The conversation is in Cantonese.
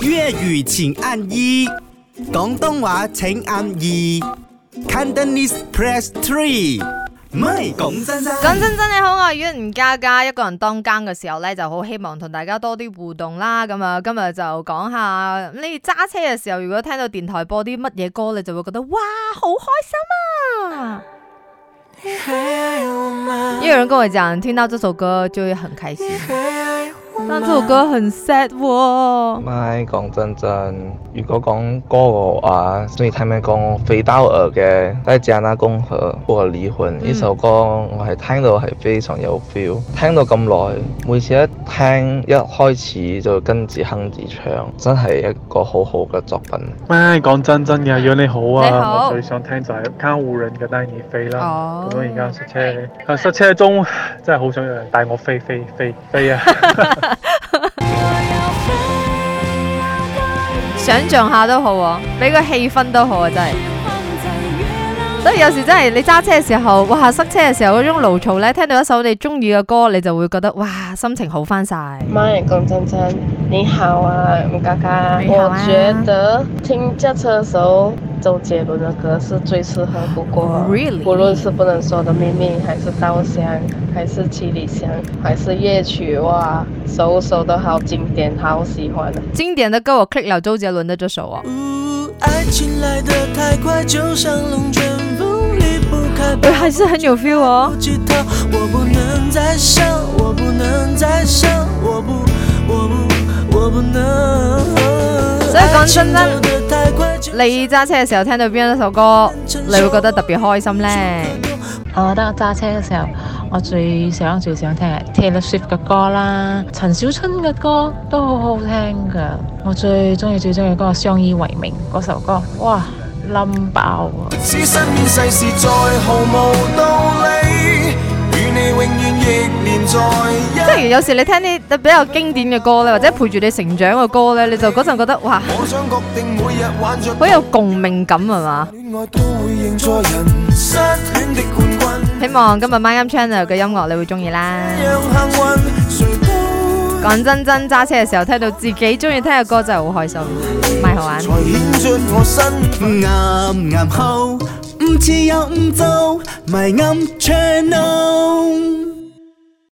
粵語請按一，廣東話請按二，Cantonese press three。MY 講真真，講真真你好，我係雨人嘉嘉，一個人當更嘅時候咧，就好希望同大家多啲互動啦。咁啊，今日就講下，你揸車嘅時候，如果聽到電台播啲乜嘢歌，你就會覺得哇，好開心啊！有人跟我講，聽到這首歌就會很開心。但這首歌很 sad 喎。咪講真真，如果講歌嘅話，鍾意聽咩？講肥刀二嘅在加拿大公不過離婚呢首歌，我係聽到係非常有 feel，聽到咁耐，每次一聽一開始就跟住哼住唱，真係一個好好嘅作品。咪講真真嘅，如果你好啊，好我最想聽就係監護人嘅帶你飛啦。咁咁而家塞車，啊塞車中真係好想有人帶我飛飛飛飛啊！ 想象下都好喎，啊，俾個氣氛都好啊，真係。所以有時真係你揸車嘅時候，哇，塞車嘅時候嗰種勞嘈咧，聽到一首你中意嘅歌，你就會覺得哇，心情好翻晒。媽呀，講真真，你好啊，家家好啊。我覺得聽揸車嘅時候，周杰倫嘅歌是最適合不過。Really 無論是不能說的秘密，還是稻香，還是七里香，還是夜曲，哇，首首都好經典，好喜歡。經典嘅歌我 click 咗周杰倫嘅這首哦。Ooh, 愛情來得太還、哎、是很有 feel 哦。所以講真真，你揸車嘅時候聽到邊一首歌，你會覺得特別開心呢？我覺得我揸車嘅時候，我最想最想聽係 Taylor Swift 嘅歌啦，陳小春嘅歌都好好聽㗎。我最中意最中意嗰個《相依為命》嗰首歌，哇！冧爆啊！即使身邊世事再毫無道理，與你永遠亦連在。即係有時你聽啲比較經典嘅歌咧，或者陪住你成長嘅歌咧，你就嗰陣覺得哇，好有共鳴感係嘛？希望今日 My FM Channel 嘅音樂你會中意啦。講真真揸車嘅時候聽到自己中意聽嘅歌真係好開心，咪好玩。